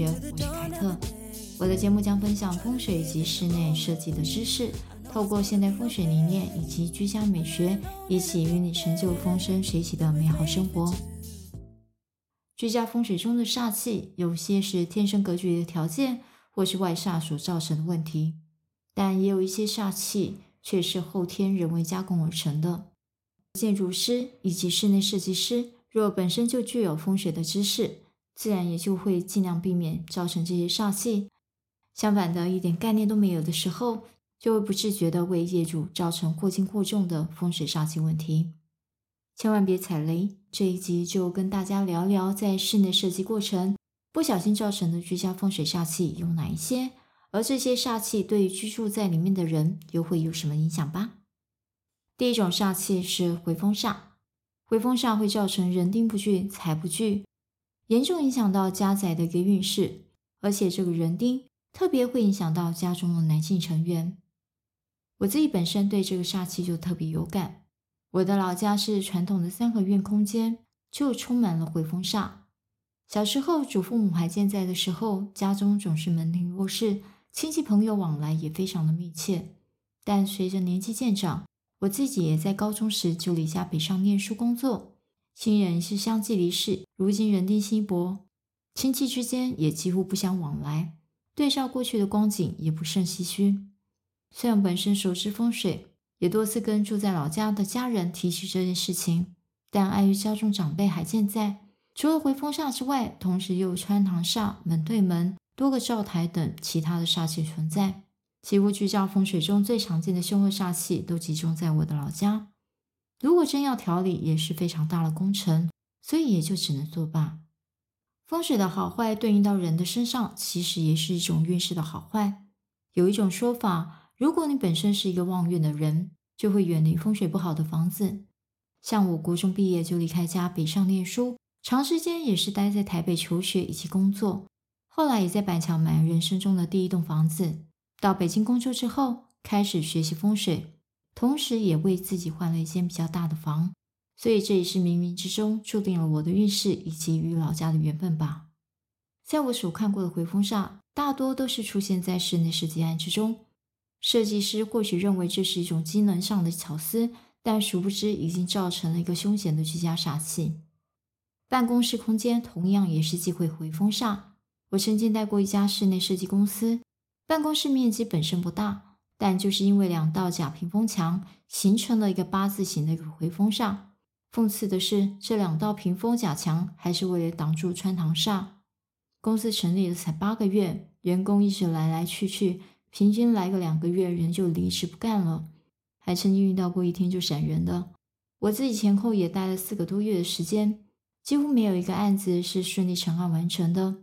我是凱特，我的節目將分享風水及室內設計的知識，透過現代風水理念以及居家美學，一起與你成就風生水起的美好生活。居家風水中的煞氣，有些是天生格局的條件，或是外煞所造成的問題，但也有一些煞氣卻是後天人為加工而成的。建築師以及室內設計師若本身就具有風水的知識，自然也就會盡量避免造成這些煞氣。相反的，一點概念都沒有的時候，就會不自覺的為業主造成或輕或重的風水煞氣問題。千萬別踩雷！這一集就跟大家聊聊，在室內設計過程不小心造成的居家風水煞氣有哪一些，而這些煞氣對居住在裡面的人又會有什麼影響吧？第一種煞氣是回風煞，回風煞會造成人丁不聚，財不聚。嚴重影響到家宅的一個運勢，而且這個人丁特別會影響到家中的男性成員。我自己本身對這個煞氣就特別有感。我的老家是傳統的三合院空間，就充滿了回風煞。小時候祖父母還健在的時候，家中總是門庭若市，親戚朋友往來也非常的密切。但隨着年紀漸長，我自己也在高中時就離家北上念書工作。親人是相繼離世，如今人丁稀薄，親戚之間也幾乎不相往來，對照過去的光景也不勝唏噓。雖然本身熟知風水，也多次跟住在老家的家人提起這件事情，但礙於家中長輩還健在，除了回風煞之外，同時又有穿堂煞、門對門、多個灶台等其他的煞氣存在，幾乎居家風水中最常見的凶惡煞氣都集中在我的老家。如果真要調理，也是非常大的工程，所以也就只能作罷。風水的好壞對應到人的身上，其實也是一種運勢的好壞。有一種說法，如果你本身是一個旺運的人，就會遠離風水不好的房子。像我，國中畢業就離開家北上念書，長時間也是待在台北求學以及工作，後來也在板橋買了人生中的第一棟房子。到北京工作之後，開始學習風水。同時也為自己換了一間比較大的房，所以這也是冥冥之中注定了我的運勢以及與老家的緣分吧。在我所看過的回風煞，大多都是出現在室內設計案之中。設計師或許認為這是一種機能上的巧思，但殊不知已經造成了一個凶險的居家煞氣。辦公室空間同樣也是忌諱回風煞。我曾經帶過一家室內設計公司，辦公室面積本身不大。但就是因為兩道假屏風牆形成了一個八字形的一個回風煞。諷刺的是，這兩道屏風假牆還是為了擋住穿堂煞。公司成立了才八個月，員工一直來來去去，平均來個兩個月人就離職不幹了，還曾經遇到過一天就閃人的。我自己前後也待了四個多月的時間，幾乎沒有一個案子是順利成案完成的。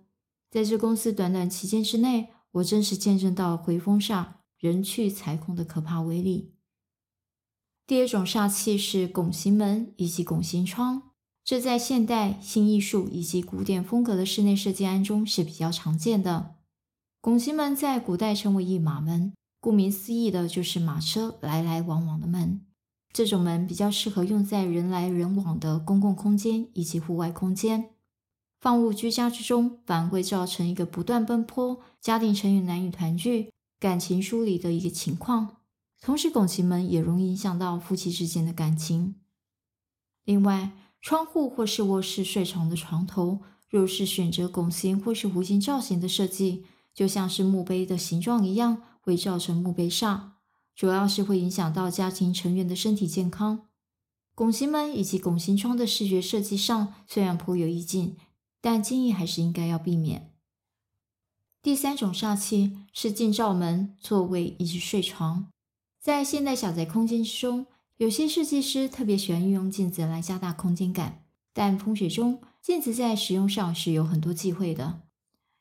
在這公司短短期間之內，我真是見證到了回風煞人去財空的可怕威力。第二種煞氣是拱形門以及拱形窗，這在現代新藝術以及古典風格的室內設計案中是比較常見的。拱形門在古代稱為“驛馬門”，顧名思義的就是馬車來來往往的門。這種門比較適合用在人來人往的公共空間以及戶外空間，放入居家之中，反而會造成一個不斷奔波，家庭成員難以團聚、感情梳理的一個情況，同時拱形門也容易影響到夫妻之間的感情。另外，窗戶或是臥室睡床的床頭，若是選擇拱形或是弧形造型的設計，就像是墓碑的形狀一樣，會造成墓碑煞，主要是會影響到家庭成員的身體健康。拱形門以及拱形窗的視覺設計上雖然頗有意境，但建議還是應該要避免。第三種煞氣是鏡照門、座位以及睡床。在現代小宅空間之中，有些設計師特別喜歡運用鏡子來加大空間感。但風水中，鏡子在使用上是有很多忌諱的。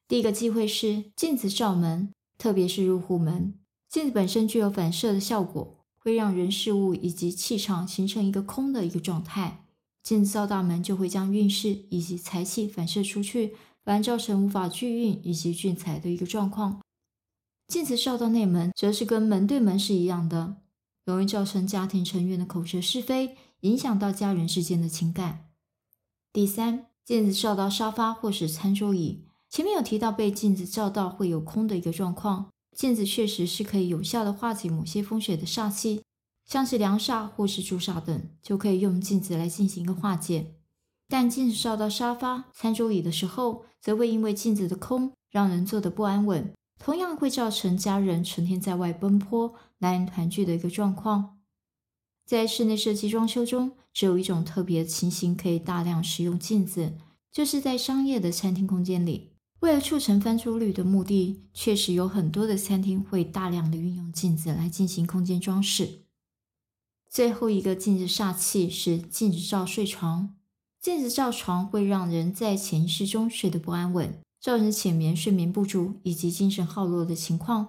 第一個忌諱是鏡子照門，特別是入戶門。鏡子本身具有反射的效果，會讓人事物以及氣場形成一個空的一個狀態。鏡子照大門，就會將運勢以及財氣反射出去。反而造成無法聚運以及聚財的一個狀況。鏡子照到內門，則是跟門對門是一樣的，容易造成家庭成員的口舌是非，影響到家人之間的情感。第三，鏡子照到沙發或是餐桌椅，前面有提到被鏡子照到會有空的一個狀況。鏡子確實是可以有效的化解某些風水的煞氣，像是樑煞或是柱煞等，就可以用鏡子來進行一個化解。但鏡子照到沙發、餐桌椅的時候，則會因為鏡子的空，讓人坐得不安穩，同樣會造成家人成天在外奔波、難以團聚的一個狀況。在室內設計裝修中，只有一種特別的情形可以大量使用鏡子，就是在商業的餐廳空間裡，為了促成翻桌率的目的，確實有很多的餐廳會大量的運用鏡子來進行空間裝飾。最後一個鏡子煞氣是鏡子照睡床。鏡子照床會讓人在潛意識中睡得不安穩，造成淺眠、睡眠不足以及精神耗弱的情況。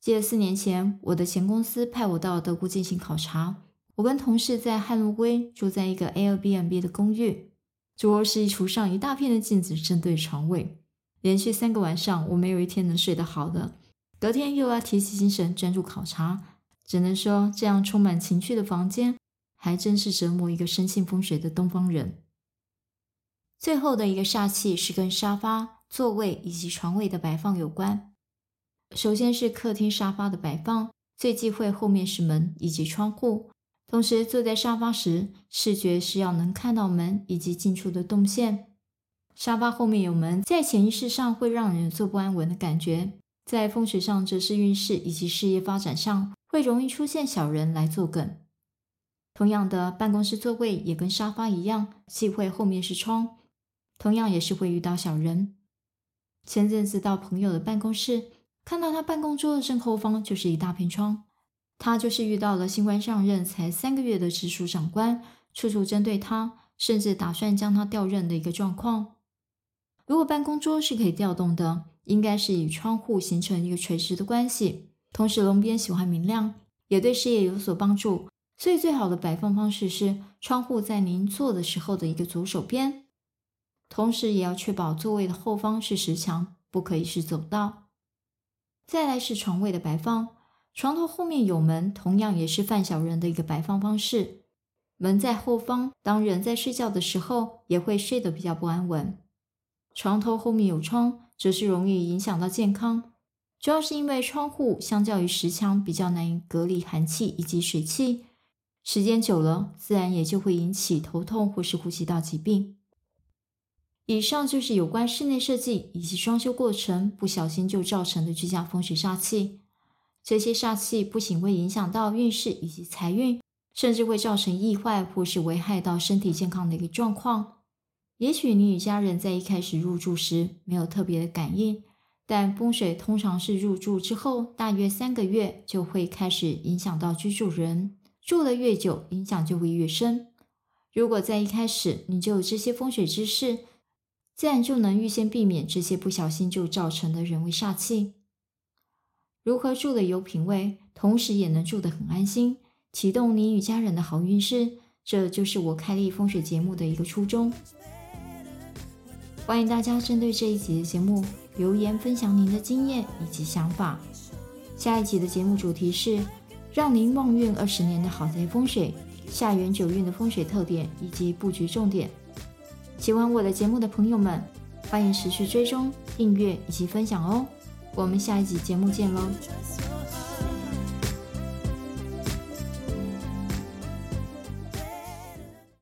記得四年前，我的前公司派我到德國進行考察，我跟同事在漢諾威住在一個 Airbnb 的公寓，主臥室一廚上一大片的鏡子正對床位，連續三個晚上我沒有一天能睡得好的，隔天又要提起精神專注考察，只能說這樣充滿情趣的房間。還真是折磨一個深信風水的東方人。最後的一個煞氣是跟沙發、座位以及床位的擺放有關。首先是客廳沙發的擺放，最忌諱後面是門以及窗戶。同時，坐在沙發時，視覺是要能看到門以及進出的動線。沙發後面有門，在潛意識上會讓人坐不安穩的感覺。在風水上，則是運勢以及事業發展上會容易出現小人來作梗。同樣的辦公室座位也跟沙發一樣，忌諱後面是窗，同樣也是會遇到小人。前陣子到朋友的辦公室，看到他辦公桌的正後方就是一大片窗，他就是遇到了新官上任才三個月的直屬長官，處處針對他，甚至打算將他調任的一個狀況。如果辦公桌是可以調動的，應該是與窗戶形成一個垂直的關係，同時龍邊喜歡明亮，也對事業有所幫助。最最好的擺放方式是窗戶在您坐的時候的一個左手邊，同時也要確保座位的後方是實牆，不可以是走道。再來是床位的擺放，床頭後面有門，同樣也是犯小人的一個擺放方式。門在後方，當人在睡覺的時候也會睡得比較不安穩。床頭後面有窗，則是容易影響到健康，主要是因為窗戶相較於實牆比較難以隔離寒氣以及水汽。時間久了，自然也就會引起頭痛或是呼吸道疾病。以上就是有關室內設計以及裝修過程不小心就造成的居家風水煞氣。這些煞氣不僅會影響到運勢以及財運，甚至會造成意外或是危害到身體健康的一個狀況。也許你與家人在一開始入住時沒有特別的感應，但風水通常是入住之後大約三個月就會開始影響到居住人。住的越久，影響就會越深。如果在一開始你就有這些風水知識，自然就能預先避免這些不小心就造成的人為煞氣。如何住得有品味，同時也能住得很安心，啟動你與家人的好運勢，這就是我開立風水節目的一個初衷。歡迎大家針對這一集的節目留言分享您的經驗以及想法。下一集的節目主題是。讓您旺運二十年的好宅風水，下元九運的風水特點以及布局重點。喜歡我的節目的朋友們，歡迎持續追蹤、訂閱以及分享哦。我們下一集節目見嘍！